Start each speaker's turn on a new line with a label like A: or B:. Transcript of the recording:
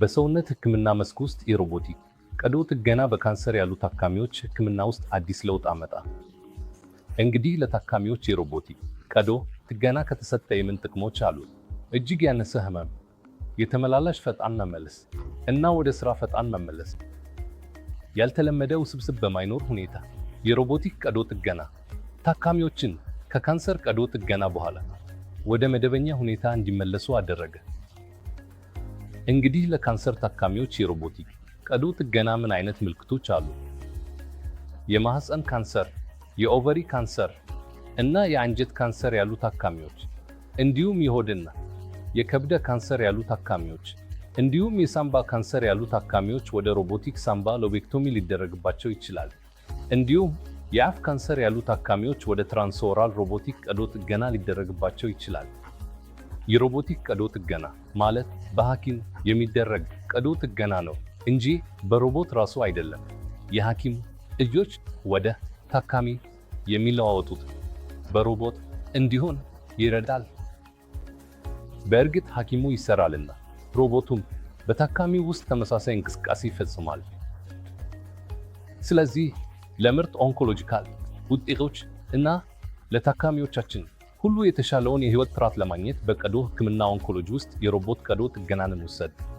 A: በሰውነት ህክምና መስክ ውስጥ የሮቦቲክ ቀዶ ጥገና በካንሰር ያሉ ታካሚዎች ህክምና ውስጥ አዲስ ለውጥ አመጣ። እንግዲህ ለታካሚዎች የሮቦቲክ ቀዶ ጥገና ከተሰጠ የምን ጥቅሞች አሉ? እጅግ ያነሰ ህመም፣ የተመላላሽ ፈጣን መመለስ እና ወደ ስራ ፈጣን መመለስ፣ ያልተለመደ ውስብስብ በማይኖር ሁኔታ የሮቦቲክ ቀዶ ጥገና ታካሚዎችን ከካንሰር ቀዶ ጥገና በኋላ ወደ መደበኛ ሁኔታ እንዲመለሱ አደረገ። እንግዲህ ለካንሰር ታካሚዎች የሮቦቲክ ቀዶ ጥገና ምን አይነት ምልክቶች አሉ? የማህፀን ካንሰር፣ የኦቨሪ ካንሰር እና የአንጀት ካንሰር ያሉ ታካሚዎች እንዲሁም የሆድና የከብደ ካንሰር ያሉ ታካሚዎች እንዲሁም የሳምባ ካንሰር ያሉ ታካሚዎች ወደ ሮቦቲክ ሳምባ ሎቤክቶሚ ሊደረግባቸው ይችላል። እንዲሁም የአፍ ካንሰር ያሉ ታካሚዎች ወደ ትራንስኦራል ሮቦቲክ ቀዶ ጥገና ሊደረግባቸው ይችላል። የሮቦቲክ ቀዶ ጥገና ማለት በሐኪም የሚደረግ ቀዶ ጥገና ነው እንጂ በሮቦት ራሱ አይደለም። የሐኪም እጆች ወደ ታካሚ የሚለዋወጡት በሮቦት እንዲሆን ይረዳል። በእርግጥ ሐኪሙ ይሰራልና ሮቦቱም በታካሚው ውስጥ ተመሳሳይ እንቅስቃሴ ይፈጽማል። ስለዚህ ለምርት ኦንኮሎጂካል ውጤቶች እና ለታካሚዎቻችን ሁሉ የተሻለውን የህይወት ጥራት ለማግኘት በቀዶ ህክምና ኦንኮሎጂ ውስጥ የሮቦት ቀዶ ጥገናን ውሰድ።